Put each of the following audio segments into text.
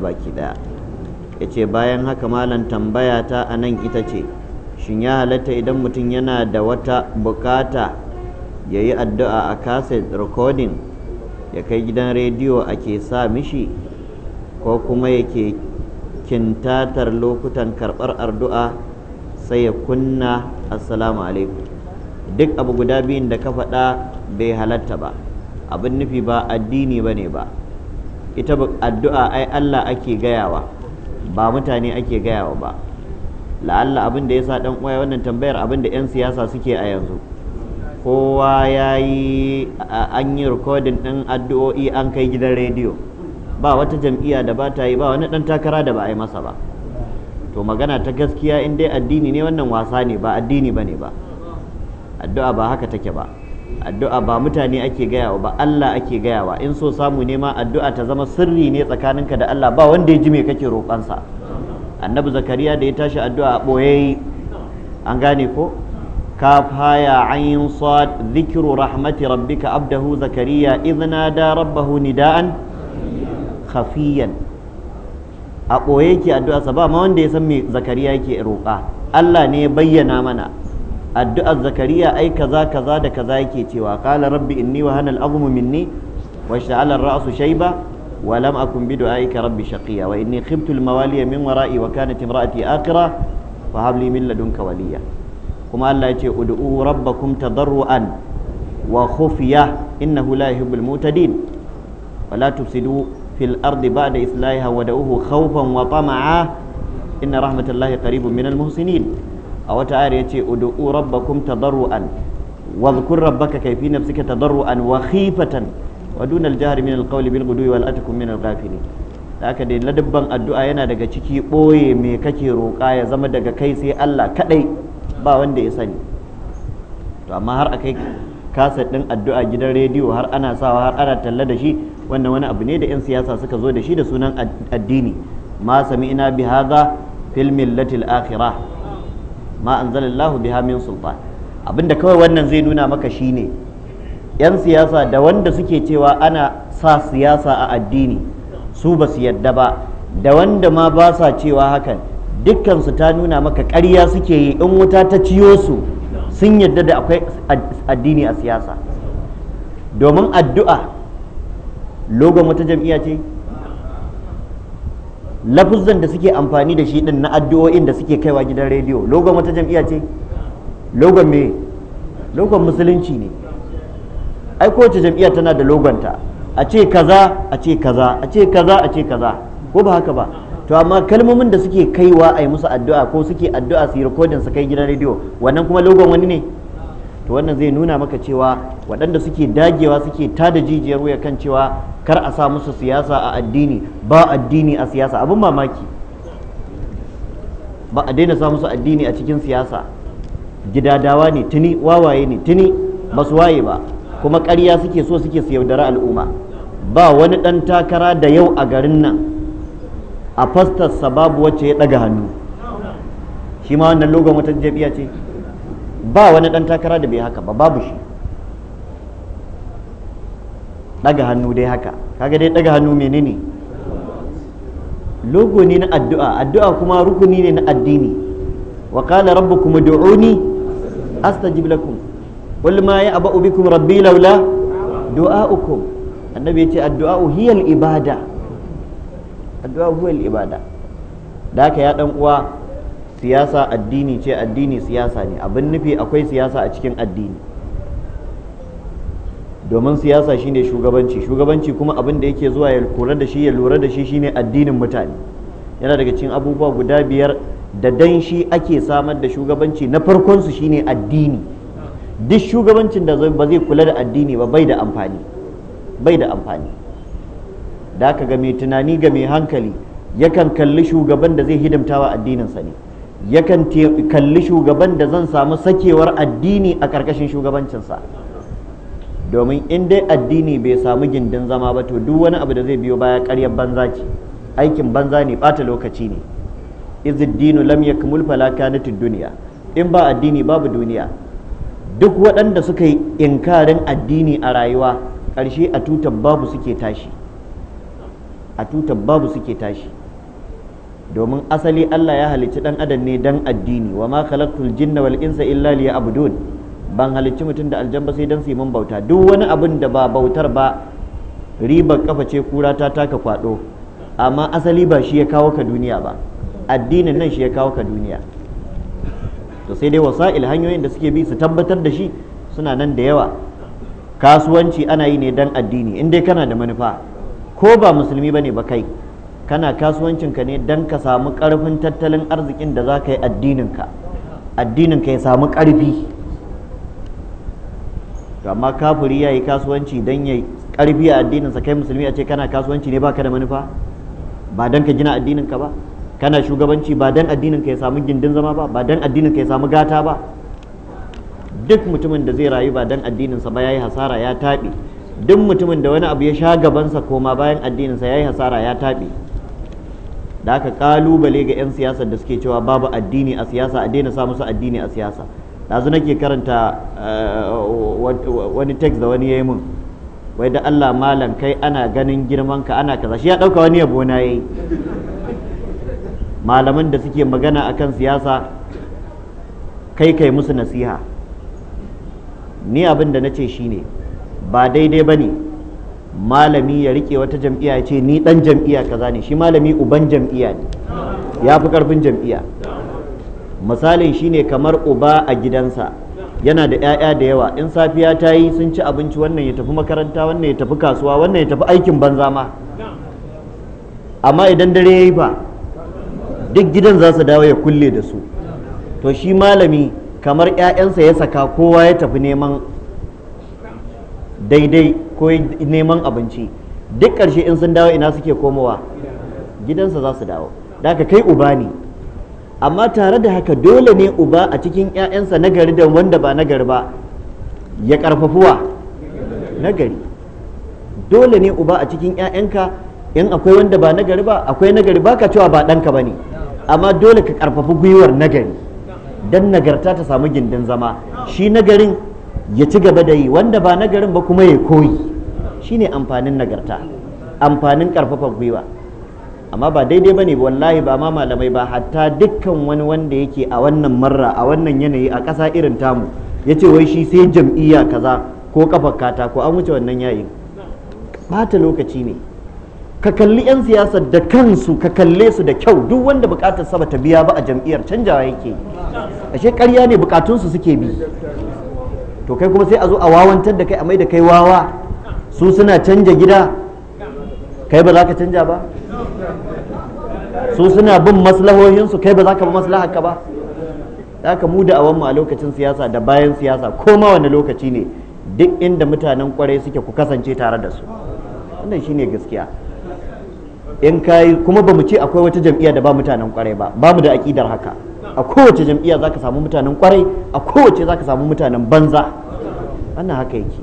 baki daya ya ce bayan haka malam tambaya ta a nan ita ce shin ya halatta idan mutum yana da wata bukata ya yi addu'a a kaset recording ya kai gidan rediyo ake sa mishi ko kuma yake kintatar lokutan karɓar addu'a sai ya kunna assalamu alaikum duk abu guda biyun da ka faɗa bai halatta ba abin nufi ba addini ba ne ba ita addu'a ai Allah ake gayawa ba mutane ake gayawa ba la'alla abin da ya sa dan uwa wannan tambayar abin da 'yan siyasa suke a yanzu kowa ya yi an yi rikodin ɗin addu'o'i an kai gidan rediyo ba wata jam'iyya da ba ta yi ba wani ɗan takara da ba a yi masa ba to magana ta gaskiya in dai addini ne wannan wasa ne ba addini ba ne ba addu'a ba haka take ba addu'a ba mutane ake gayawa ba Allah ake gayawa in so samu ne addu'a ta zama sirri ne tsakaninka da Allah ba wanda ya ji me kake roƙonsa annabi zakariya da ya tashi addu'a ɓoye an gane ko kaf haya ayin sad dhikru rahmati rabbika abdahu zakariya da rabahu rabbahu nidaan khafiyan a ɓoye ke addu'a ba ma wanda ya san me zakariya yake roƙa Allah ne ya bayyana mana addu'ar zakariya ai kaza kaza da kaza yake cewa qala rabbi inni wa hanal abu minni wa sha'ala ar-ra'su shayba wa lam akun bi du'aika rabbi shaqiya wa inni khiftu al-mawaliya min wara'i wa kanat imra'ati aqira fa hab li min ladunka waliya kuma Allah ya ce ud'u rabbakum tadarruan wa khufiya innahu la yuhibbul mutadin wa la tufsidu fil ardi ba'da islahiha wa da'uhu khawfan wa tama'a inna rahmatallahi qaribun minal muhsinin a wata ayar yace ud'u rabbakum tadarruan wa dhkur rabbaka kayfi nafsika tadarruan wa khifatan wa dun al-jahri min al-qawli bil ghudwi wal atkum min al-ghafilin haka dai ladabban addu'a yana daga ciki ɓoye me kake roƙa ya zama daga kai sai Allah kaɗai ba wanda ya sani to amma har akai kaset ɗin addu'a gidan rediyo har ana sawa har ana talla da shi wannan wani abu ne da 'yan siyasa suka zo da shi da sunan addini ma sami ina bi haza fil millatil akhirah ma anzalallahu biha min sultan abinda kawai wannan zai nuna maka shine yan siyasa da wanda suke cewa ana sa siyasa a addini su ba su yadda ba da wanda ma ba sa cewa hakan dukkan su ta nuna maka ƙarya suke yi in wuta ta ciyo su sun yadda da akwai addini a siyasa domin addu'a logon wata jam'iyya ce lafuzan da suke amfani da shi din na addu'o'in da suke kaiwa gidan rediyo logon wata jam'iyya ce logon me logon musulunci ne ai kowace jam'iyya tana da logonta a ce kaza a ce kaza a ce kaza a ce kaza ko ba haka ba to amma kalmomin da suke kaiwa a yi musu addu'a ko suke addu'a su yi rikodin su kai gidan rediyo wannan kuma logon wani ne to wannan zai nuna maka cewa waɗanda suke dagewa suke tada jijiyar wuya kan cewa kar a sa musu siyasa a addini ba addini a siyasa abin mamaki ba a daina sa musu addini a cikin siyasa gidadawa ne tuni wawaye ne tuni ba su waye ba kuma ƙarya suke so suke su yaudara al'umma ba wani ɗan takara da yau a garin nan a fastarsa babu wacce ya ɗaga hannu shi ma wannan logon wata jabiya ce ba wani ɗan takara da bai haka ba babu shi ɗaga hannu dai haka kaga dai ɗaga hannu menene logo ne na addu'a addu'a kuma rukuni ne na addini wa qala rabbukum ud'uni astajib lakum qul ma ya'ba'u bikum rabbi laula du'a'ukum annabi yace addu'a hiya al-ibada addu'a huwa al-ibada da haka ya dan uwa siyasa addini ce addini siyasa ne abin nufi akwai siyasa a cikin addini domin siyasa shine shugabanci shugabanci kuma abin da yake zuwa ya kura da shi ya lura da shi shine addinin mutane yana daga cikin abubuwa guda biyar da dan shi ake samar da shugabanci na farkonsu su shine addini duk shugabancin da ba zai kula da addini ba bai da amfani bai da amfani da aka ga mai tunani ga mai hankali yakan kalli shugaban da zai hidimtawa addininsa ne yakan kalli shugaban da zan samu sakewar addini a ƙarƙashin shugabancinsa domin in dai addini bai samu gindin zama ba to duk wani abu da zai biyo baya ƙaryar banza ce aikin banza ne ɓata lokaci ne izidinu lam yakmul falaka na duniya in ba addini babu duniya duk waɗanda suka yi inkarin addini a rayuwa ƙarshe a tutar a tutar babu suke tashi domin asali Allah ya halicci dan adam ne dan addini wa ma khalaqtul jinna wal insa illa liya'budun ban halicci mutum da aljamba sai dan su yi mun bauta duk wani abin da ba bautar ba ribar kafa ce kura ta taka kwado amma asali ba shi ya kawo ka duniya ba addinin nan shi ya kawo ka duniya to sai dai wasa'il hanyoyin da suke bi su tabbatar da shi suna nan da yawa kasuwanci ana yi ne dan addini in dai kana da manufa ko ba musulmi bane ba kai kana kasuwancinka ne don ka samu ƙarfin tattalin arzikin da za ka yi addininka addininka ya samu ƙarfi amma kafiri ya yi kasuwanci don ya ƙarfi a addininsa kai musulmi a ce kana kasuwanci ne baka da manufa ba don ka gina addininka ba kana shugabanci ba don addininka ya samu gindin zama ba ba don addininka ya samu gata ba duk mutumin da zai rayu ba don addininsa ba ya yi hasara ya taɓe duk mutumin da wani abu ya sha gabansa koma bayan addininsa ya yi hasara ya taɓe da aka kalubale ga 'yan siyasar da suke cewa babu addini a siyasa a daina sa musu addini a siyasa ɗazu nake karanta eh, wani text da wani ya yi mun wai da Allah malam kai ana ganin girman ka ana kaza shi ya dauka wani yabo na yayi malaman da suke magana akan siyasa kai kai musu nasiha ni abin da na ce shine ba daidai ba ne malami ya rike wata jam'iya ya ce ni dan jam'iya kaza ne shi malami uban jam'iyya ne ya fi karfin jam'iyya misalin shine kamar uba a gidansa yana da 'ya'ya da yawa in safiya ta yi sun ci abinci wannan ya tafi makaranta wannan ya tafi kasuwa wannan ya tafi aikin banza ma amma idan dare ya yi ba duk gidan za su dawo ya kulle da su to shi malami kamar 'ya'yansa ya saka kowa ya tafi neman daidai ko neman abinci duk ƙarshe in sun dawo ina suke komowa gidansa za su dawo da kai uba ne amma tare da haka dole ne uba a cikin 'ya'yansa nagari da wanda ba nagari ba ya na nagari dole ne uba a cikin 'ya'yanka in akwai wanda ba nagari ba akwai nagari ba ka cewa ba ɗanka ba ne amma dole ka ƙarfafi gwiwar nagari don nagarta ta samu gindin zama shi nagarin ya ci gaba da yi wanda ba nagarin ba kuma ya koyi shine amfanin nagarta amfanin karfafa gwiwa amma ba daidai ba ne wallahi ba ma malamai ba hatta dukkan wani wanda yake a wannan marra a wannan yanayi a ƙasa irin tamu ya ce wai shi sai jam'iyya kaza ko kafar katako an wuce wannan yayin bata lokaci ne ka kalli 'yan siyasa da kansu ka kalle su da kyau duk wanda bukatar saba ta biya ba a jam'iyyar canjawa yake ashe ƙarya ne bukatunsu suke bi to kai kuma sai a zo a wawantar da kai a mai da kai wawa su suna canja gida kai ba za ka canja ba su suna bin maslahohinsu kai ba za ka bi maslahaka ba za ka muda a wanmu a lokacin siyasa da bayan siyasa ko ma wani lokaci ne duk inda mutanen kwarai suke ku kasance tare da su wannan shine gaskiya in kai kuma ba mu ce akwai wata jam'iyya da ba mutanen kwarai ba ba mu da akidar haka a kowace jam'iyya za ka samu mutanen kwarai a kowace za ka samu mutanen banza wannan haka yake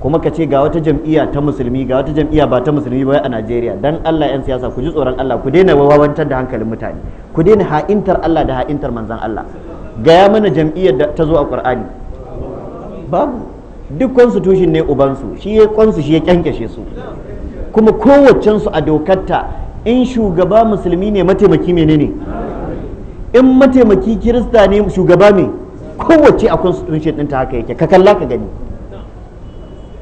kuma ka ce ga wata jam'iyya ta musulmi ga wata jam'iyya ba ta musulmi ba a Najeriya dan Allah yan siyasa ku ji tsoron Allah ku daina wawantar da hankalin mutane ku daina ha'intar Allah da ha'intar manzan Allah gaya mana jam'iyyar da ta zo a Qur'ani babu duk constitution ne ubansu shi ya kwansu shi ya kyankyashe su kuma kowaccen su a dokarta in shugaba musulmi ne mataimaki menene in mataimaki kirista ne shugaba ne kowace a constitution ɗinta haka yake ka kalla ka gani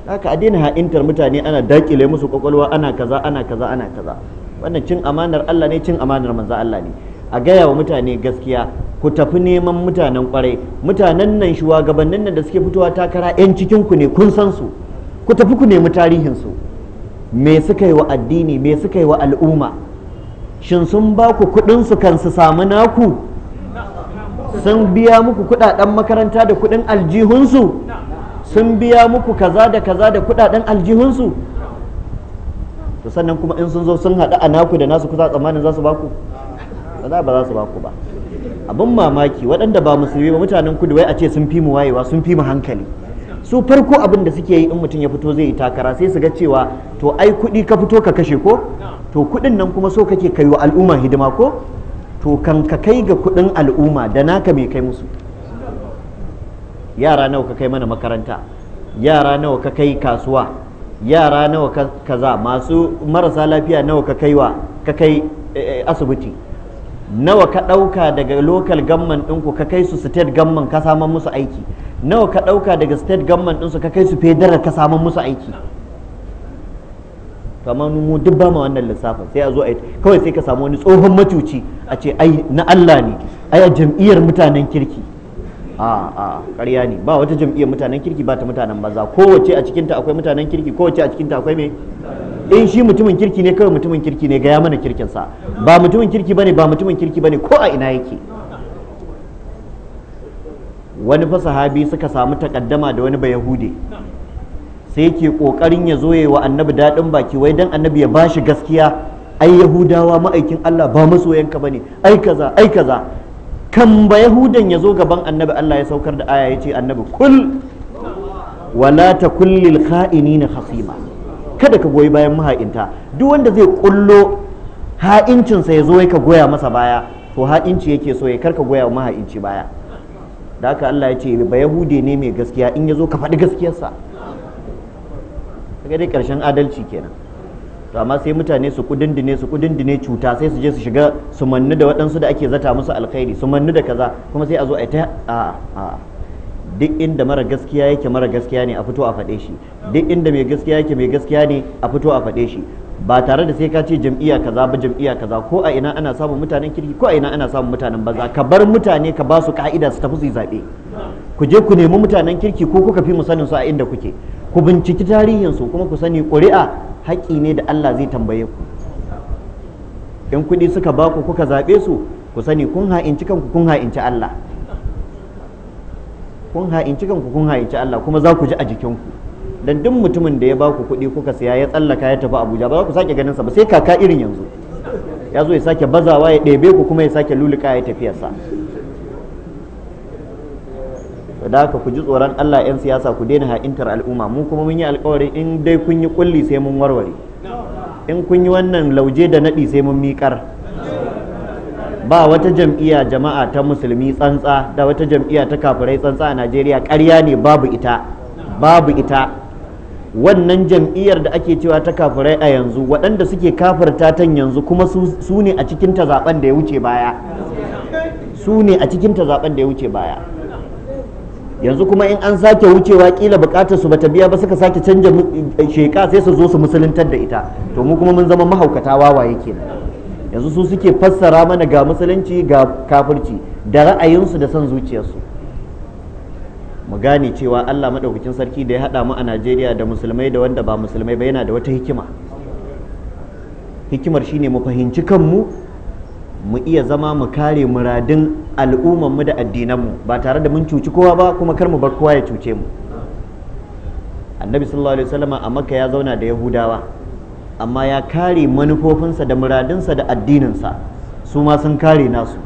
haka a daina ha'intar mutane ana dakile musu kwakwalwa ana kaza ana kaza ana kaza wannan cin amanar Allah ne cin amanar manzo Allah ne a gaya wa mutane gaskiya ku tafi neman mutanen kwarai mutanen nan shugabannin nan da suke fitowa takara yan cikin ku ne kun san su ku tafi ku nemi tarihin su me suka yi wa addini me suka yi wa al'umma shin sun ba ku kuɗin su kan su samu naku sun biya muku kudaden makaranta da kudin aljihunsu sun biya muku kaza da kaza da kudaden aljihunsu to sannan kuma in sun zo sun haɗu a naku da nasu kusa tsammanin za su baku ba za ba za su baku ba abin mamaki waɗanda ba musulmi ba mutanen kudu wai a ce sun fi mu wayewa sun fi mu hankali su farko abin da suke yi in mutum ya fito zai yi takara sai su ga cewa to ai kuɗi ka fito ka kashe ko to kuɗin nan kuma so kake kai wa al'umma hidima ko to kan ka kai ga kudin al'umma da naka mai kai musu yara nawa ka kai mana makaranta yara nawa ka kai kasuwa yara nawa ka kaza masu marasa lafiya nawa ka kai wa ka kai eh, eh, asibiti nawa ka ɗauka daga local gamman ɗinku ka kai su state gamman ka saman musu aiki nawa ka ɗauka daga state gamman ɗinsu ka kai su federal ka saman musu aiki to amma mu duk ba mu wannan lissafin sai a zo ai kawai sai ka samu wani tsohon matuci a ce ai na Allah ne ai a jam'iyyar mutanen kirki a a ƙarya ne ba wata jam'iyyar mutanen kirki ba ta mutanen banza kowace a cikin ta akwai mutanen kirki kowace a cikin ta akwai me in shi mutumin kirki ne kawai mutumin kirki ne gaya mana kirkin sa ba mutumin kirki bane ba mutumin kirki bane ko a ina yake wani fa sahabi suka samu takaddama da wani bayahude sai yake kokarin ya zo wa annabi daɗin baki wai dan annabi ya bashi gaskiya ai yahudawa ma'aikin Allah ba masoyanka bane ai kaza ai kaza kan ba yahudan ya zo gaban annabi Allah ya saukar da aya yace annabi kul wala takul lil kha'inina khasima kada ka goyi bayan maha'inta duk wanda zai kullo ha'incinsa ya zo ka goya masa baya to ha'inci yake so ya karka goya maha'inci baya da haka Allah ya ce ba yahude ne mai gaskiya in ya zo ka faɗi gaskiyarsa kaga dai karshen adalci kenan to amma sai mutane su kudindine su kudindine cuta sai su je su shiga su mannu da waɗansu da ake zata musu alkhairi su mannu da kaza kuma sai a zo a ta a a duk inda mara gaskiya yake mara gaskiya ne a fito a faɗe shi duk inda mai gaskiya yake mai gaskiya ne a fito a faɗe shi ba tare da sai ka ce jam'iyya kaza ba jam'iyya kaza ko a ina ana samun mutanen kirki ko a ina ana samun mutanen banza ka bar mutane ka ba su ka'ida su tafi su yi zaɓe ku je ku nemi mutanen kirki ko kuka fi mu sanin su a inda kuke ku binciki tarihinsu kuma ku sani ƙuri'a haƙƙi ne da Allah zai tambaye ku in kuɗi suka ba ku kuka zaɓe su ku sani kun ha'inci kanku kun ha'inci Allah kun ha'inci kanku kun ha'inci Allah kuma za ku ji a jikinku dan duk mutumin da ya ba ku kuɗi kuka siya ya tsallaka ya tafi Abuja ba za ku sake ganin sa ba sai kaka irin yanzu ya zo ya sake bazawa ya ɗebe ku kuma ya sake luluka ya tafiyarsa da haka ku ji tsoron Allah 'yan siyasa ku daina ha'intar al'umma mu kuma mun yi alkawari in dai kun yi kulli sai mun warware in kun yi wannan lauje da naɗi sai mun miƙar ba wata jam'iyya jama'a ta musulmi tsantsa da wata jam'iyya ta kafirai tsantsa a Najeriya ƙarya ne babu ita babu ita wannan jam'iyyar da ake cewa ta kafirai a yanzu waɗanda suke kafirta tan yanzu kuma su ne a cikin ta zaben da ya wuce baya su ne a cikin ta zaben da ya wuce baya yanzu kuma in an sake wucewa kila bukatar su bata biya ba suka sake canja eh, sheka sai su zo su musuluntar da ita to mu kuma mun zama mahaukata wawaye kenan yanzu su suke fassara mana ga musulunci ga kafirci da ra'ayinsu da son zuciyarsu mu gane cewa Allah madaukakin sarki da ya hada mu a Najeriya da musulmai da wanda ba musulmai ba yana da wata hikima hikimar shine mu fahimci kanmu mu iya zama mu kare muradin mu da addinan mu ba tare da mun cuci kowa ba kuma kar mu bar kowa ya cuce mu annabi sallallahu alaihi wasallam a makka ya zauna da yahudawa amma ya kare manufofinsa da muradinsa da addininsa su ma sun kare nasu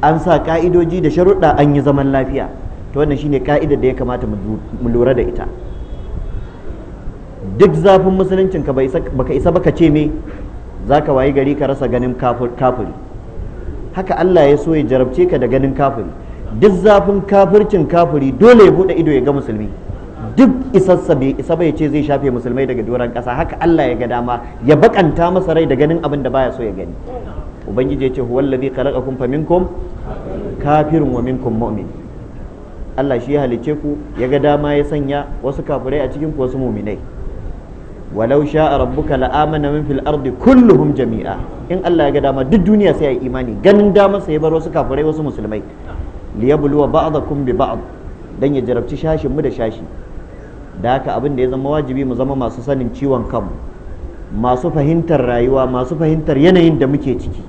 an sa ka'idoji da sharuɗa an yi zaman lafiya to wannan shine ka'idar da ya kamata mu lura da ita duk zafin musuluncin ka baka isa baka ce me zaka wayi gari ka rasa ganin kafiri haka Allah ya so ya jarabce ka da ganin kafiri duk zafin kafircin kafiri dole ya bude ido ya ga musulmi duk isassa bai isa bai ce zai shafe musulmai daga doron kasa, haka Allah ya ga dama ya bakanta masa rai da ganin abin da baya so ya gani ubangiji ya ce huwal ladhi khalaqakum faminkum kafirun wa minkum mu'min Allah shi ya halice ku ya ga dama ya sanya wasu kafirai a cikin ku wasu mu'minai walau sha'a rabbuka la'amana min fil ardi kulluhum jami'a in Allah ya ga dama duk duniya sai yi imani ganin dama sai ya bar wasu kafirai wasu musulmai liyabluwa ba'dakum bi ba'd dan ya jarabci shashin mu da shashi da haka abin da ya zama wajibi mu zama masu sanin ciwon kanmu masu fahimtar rayuwa masu fahimtar yanayin da muke ciki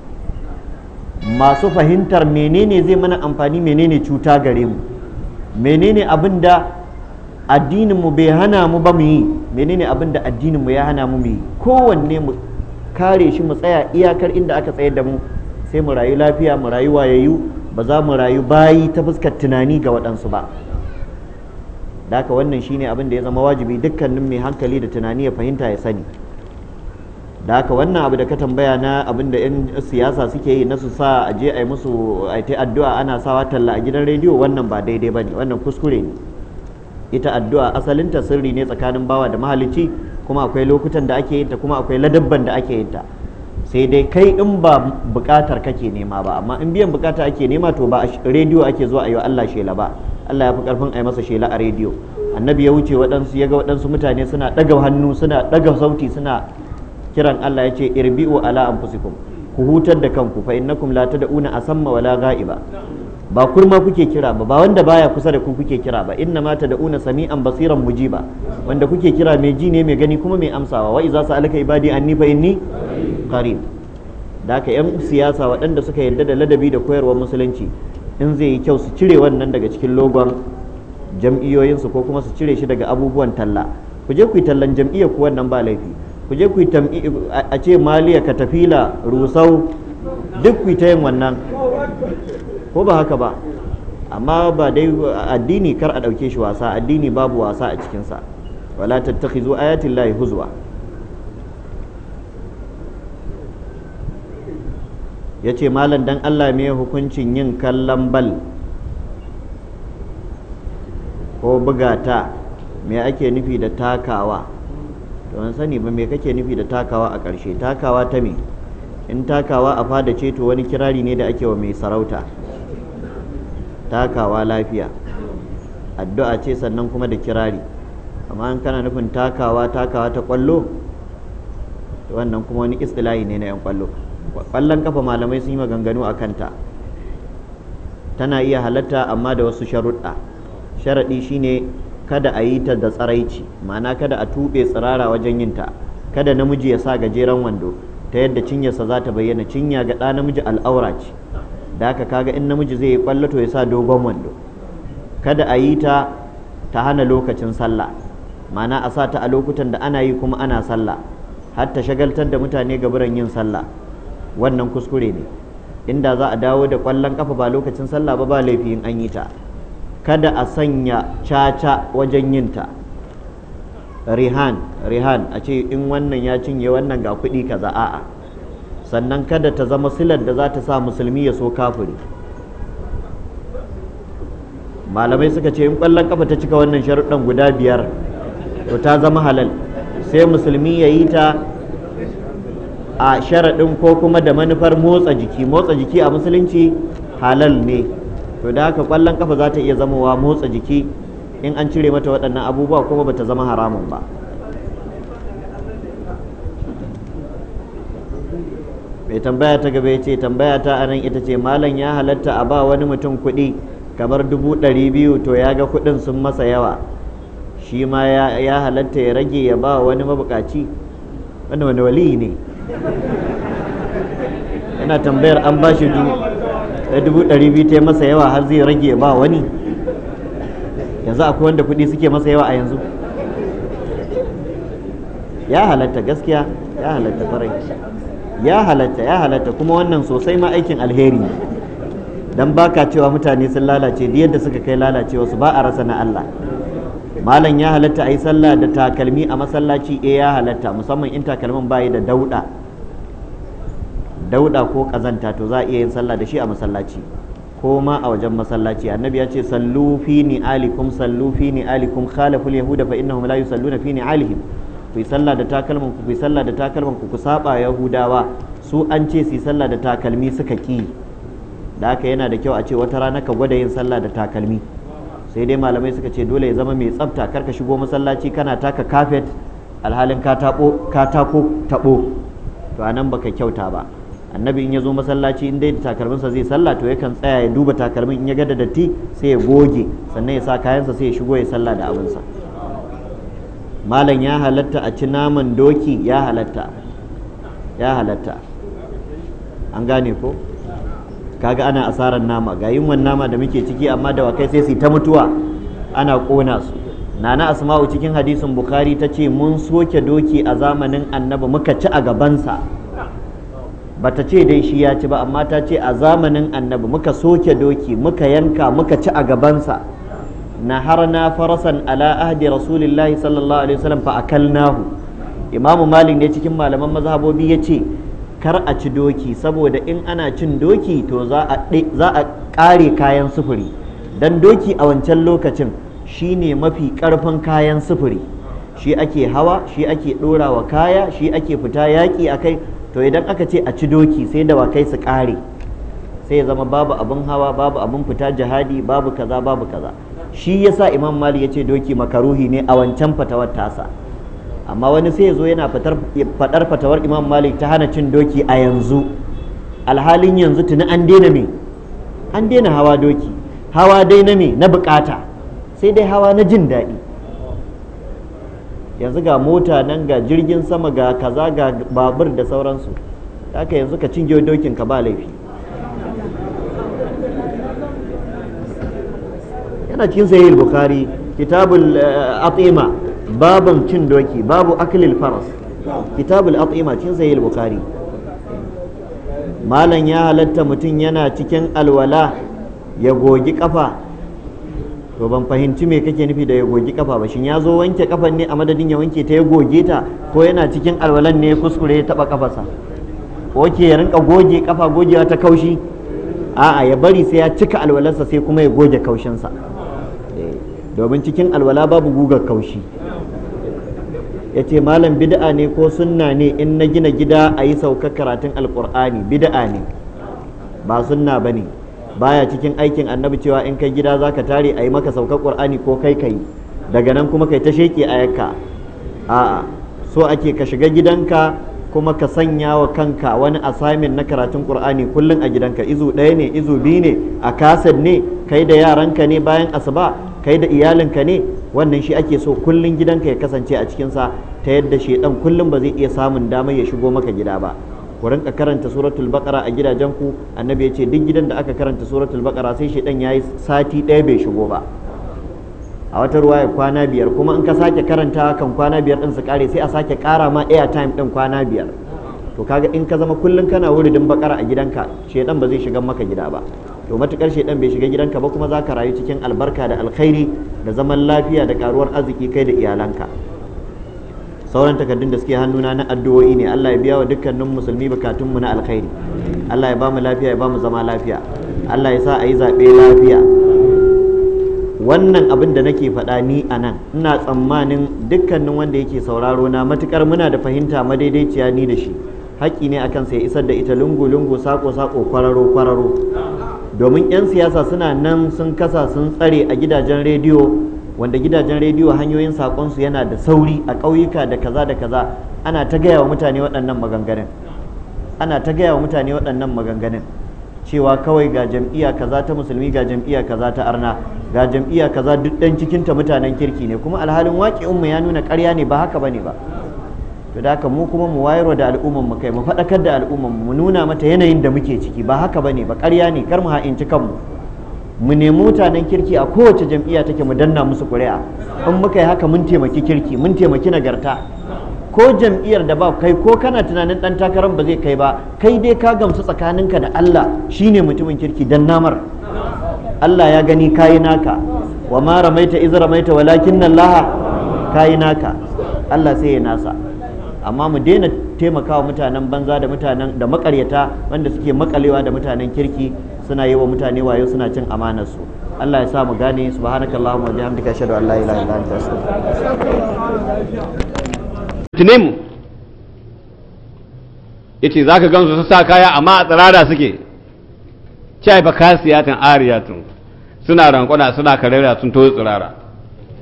masu fahimtar menene zai mana amfani menene cuta gare mu menene abin da addinin mu bai hana mu ba mu yi menene abin da addinin mu ya hana mu mu yi kowanne mu kare shi mu tsaya iyakar inda aka tsayar da mu sai mu rayu lafiya mu rayu wayayyu ba za mu rayu bayi ta fuskar tunani ga waɗansu ba da haka wannan shine abin da ya zama wajibi dukkanin mai hankali da tunani ya fahimta ya sani da haka wannan abu da ka tambaya na abin da 'yan siyasa suke yi na su sa a je a yi musu a addu'a ana sawa talla a gidan rediyo wannan ba daidai ba ne wannan kuskure ne ita addu'a asalinta sirri ne tsakanin bawa da mahalicci kuma akwai lokutan da ake yin ta kuma akwai ladabban da ake yin ta sai dai kai in ba bukatar kake nema ba amma in biyan bukata ake nema to ba a rediyo ake zuwa a yi wa Allah shela ba Allah ya fi karfin a yi masa shela a rediyo annabi ya wuce waɗansu ya ga waɗansu mutane suna ɗaga hannu suna ɗaga sauti suna kiran Allah ya ce irbi'u ala anfusikum ku hutar da kanku fa innakum la tad'una asamma wala ga'iba ba kurma kuke kira ba ba wanda baya kusa da ku kuke kira ba inna ma da'una sami'an basiran mujiba wanda kuke kira mai ji ne mai gani kuma mai amsawa wa iza sa'alaka ibadi anni fa inni qarib da ka yan siyasa waɗanda suka yarda da ladabi da koyarwar musulunci in zai yi kyau su cire wannan daga cikin logon su ko kuma su cire shi daga abubuwan talla ku je ku yi tallan jam'iyyar ku wannan ba laifi ku je ku yi a ce maliya katafila rusau duk ku yi ta yin wannan ko ba haka ba amma ba dai addini kar a ɗauke shi wasa addini babu wasa a cikinsa wala tattakhizu ayatin lahi huzwa ya ce malam dan allah me hukuncin yin kallon bal ko bugata me ake nufi da takawa to sani ba me kake nufi da takawa a ƙarshe takawa ta me in takawa a fada ce to wani kirari ne da ake wa mai sarauta takawa lafiya addu'a ce sannan kuma da kirari amma an kana nufin takawa takawa ta kwallo wannan kuma wani istilahi ne na 'yan kwallo kwallon kafa malamai sun yi maganganu a kanta tana iya halatta amma da wasu sharuɗa sharaɗi shine kada a yi ta da tsaraici ma'ana kada a tuɓe tsirara wajen yin ta kada namiji ya sa gajeren wando ta yadda cinyarsa za ta bayyana cinya ga ɗa namiji al'aura ce da haka kaga in namiji zai yi kwallo to ya sa dogon wando kada a yi ta ta hana lokacin sallah ma'ana a sa ta a lokutan da ana yi kuma ana sallah har ta shagaltar da mutane gaburan yin sallah wannan kuskure ne inda za a dawo da kwallon kafa ba lokacin sallah ba ba laifi in an yi ta kada a sanya caca wajen yin ta rihan rihan a ce in wannan ya cinye wannan ga kuɗi kaza a'a sannan kada ta zama silar da za ta sa musulmi ya so kafiri malamai suka ce in ƙwallon kafa ta cika wannan sharuɗan guda biyar to ta zama halal sai musulmi ya yi ta a sharaɗin ko kuma da manufar motsa jiki motsa jiki a musulunci halal ne to da haka ƙwallon kafa za ta iya zamowa motsa jiki in an cire mata waɗannan abubuwa kuma ba ta zama haramun ba mai tambaya ta gaba ya ce tambaya ta anan ita ce malam ya halatta a ba wani mutum kuɗi kamar dubu ɗari biyu to ya ga kuɗin sun masa yawa shi ma ya halatta ya rage ya ba wani mabukaci wani wani wali ne yana tambayar an ba shi dubu eh, ɗari biyu ta masa yawa har zai rage ya ba wani yanzu akwai wanda kuɗi suke masa yawa a yanzu ya halatta gaskiya ya halatta farai ya halatta ya halatta kuma wannan sosai ma aikin alheri dan baka cewa mutane sun lalace da yadda suka kai lalacewa su ba a rasa na Allah malam ya halatta a yi sallah da takalmi a masallaci eh ya halatta musamman in takalmin yi da dauda dauda ko kazanta to za a iya yin sallah da shi a masallaci ko ma a wajen masallaci annabi ya ce sallu fi ni alikum sallu fi ni alikum khalaful yahuda fa innahum la yusalluna fi ni alihim ku yi sallah da takalman ku ku yi sallah da takalman ku ku saba yahudawa su an ce su yi sallah da takalmi suka ki da aka yana da kyau a ce wata rana ka gwada yin sallah da takalmi sai dai malamai suka ce dole ya zama mai tsafta kar ka shigo masallaci kana taka kafet alhalin katako tabo to a baka kyauta ba annabi in ya zo masallaci in dai takalminsa zai sallah to yakan tsaya ya duba takalmin in ya ga da datti sai ya goge sannan ya sa kayansa sai ya shigo ya sallah da abinsa malam ya halatta a ci naman doki ya halatta ya halatta an gane ko kaga ana asarar nama ga yunwan nama da muke ciki amma da wakai sai su ta mutuwa ana kona su nana asma'u cikin hadisin bukhari ta ce mun soke doki a zamanin annabi muka ci a gabansa ba ta ce dai shi ya ci ba amma ta ce a zamanin annabi muka soke doki muka yanka muka ci a gabansa naharna farasan ala ahdi rasulillahi sallallahu alaihi wasallam fa akalnahu imamu malik ne cikin malaman mazhabobi ya ce kar a ci doki saboda in ana cin doki to za a ƙare kayan sufuri don doki a wancan lokacin shine mafi ƙarfin kayan sufuri shi ake hawa shi ake ɗora kaya shi ake fita yaƙi akai to idan aka ce a ci doki sai da dawakai su ƙare sai ya zama babu abin hawa babu abin fita jihadi babu kaza babu kaza shi ya sa imam malik ya ce doki makaruhi ne a wancan fatawar tasa amma wani sai ya zo yana fadar fatawar imam malik ta hana cin doki a yanzu alhalin yanzu tuni an daina me an daina hawa doki hawa dai na me na bukata sai dai hawa na jin daɗi yanzu ga mota nan ga jirgin sama ga kaza ga babur da sauransu haka yanzu ka cinge dokin ka ba laifi yana cikin sahih bukhari kitabul eh, atima babun cin doki babu aklil faras kitabul atima cikin sahih bukhari malam ya halatta mutum yana cikin alwala ya gogi kafa to ban fahimci me kake nufi da ya gogi kafa ba shin ya zo wanke kafan ne a madadin ya wanke ta ya goge ta ko yana cikin alwalan ne kuskure ya taba kafarsa oke ya rinka goge kafa gogewa ta kaushi a'a ya bari sai ya cika alwalarsa sai kuma ya goge kaushinsa domin cikin alwala babu gugar kaushi ya ce malam bid'a ne ko sunna ne in na gina gida a yi sauka karatun alkur'ani bid'a ne ba sunna ba ne baya cikin aikin annabi cewa in kai gida za ka tare a yi maka sauka ƙur'ani ko kai kai daga nan kuma kai ta sheƙi a yakka a'a so ake ka shiga gidanka kuma ka sanya wa kanka wani asamin na karatun qur'ani kullum a gidanka izu ɗaya ne izu biyu ne a kaset ne kai da yaranka ne bayan asuba kai da iyalinka ne wannan shi ake so kullum gidanka ya kasance a cikinsa ta yadda shaiɗan kullum ba zai iya samun damar ya shigo maka gida ba ku rinka karanta suratul baqara a gidajen ku annabi ya ce duk gidan da aka karanta suratul baqara sai shedan yayi sati ɗaya bai shigo ba a wata ruwa ya kwana biyar kuma in ka sake karanta kan kwana biyar din su kare sai a sake kara ma time din kwana biyar to kaga in ka zama kullum kana wuridin bakara a gidanka shedan ba zai shiga maka gida ba to matukar shedan bai shiga gidanka ba kuma za ka rayu cikin albarka da alkhairi da zaman lafiya da karuwar arziki kai da iyalanka sauran takardun da suke hannuna na addu'o'i ne Allah ya biya wa dukkanin musulmi bukatunmu na alkhairi Allah ya ba mu lafiya ya ba mu zama lafiya Allah ya sa a yi zaɓe lafiya wannan abin da nake faɗa ni a nan ina tsammanin dukkanin wanda yake sauraro na matukar muna da fahimta madaidaiciya ni da shi haƙƙi ne akan sai isar da ita lungu-lungu sako-sako kwararo-kwararo domin 'yan siyasa suna nan sun kasa sun tsare a gidajen rediyo wanda gidajen rediyo hanyoyin su yana da sauri a ƙauyuka da kaza da kaza ana ta gaya wa mutane waɗannan maganganun ana ta gaya wa mutane waɗannan maganganun cewa kawai ga jam'iyya kaza ta musulmi ga jam'iyya kaza ta arna ga jam'iyya kaza duk dan cikin ta mutanen kirki ne kuma alhalin waƙi'un mu ya nuna ƙarya ne ba haka bane ba to da haka mu kuma mu wayarwa da al'umman mu kai mu faɗakar da al'umman mu nuna mata yanayin da muke ciki ba haka bane ba ƙarya ne kar mu ha'inci kanmu mu nemi mutanen kirki a kowace jam'iya take mu danna musu ƙuri'a in muka yi haka mun taimaki kirki mun taimaki nagarta ko jam'iyyar da ba kai ko kana tunanin dan takarar ba zai kai ba kai dai ka gamsu tsakaninka da Allah shine mutumin kirki dan namar Allah ya gani kayi naka wa ma ramaita iz ramaita walakin Allah kayi naka Allah sai ya nasa amma mu daina taimakawa mutanen banza da mutanen da makaryata wanda suke makalewa da mutanen kirki suna yi wa mutane wayo suna cin amanar su Allah ya sa mu gane subhanakallahumma wa bihamdika ashhadu an la ilaha illa anta astaghfiruka tune mu za ka gansu su sa kaya amma a tsirara suke cai ba kasiyatan ariyatun suna rankuna suna karera sun to tsirara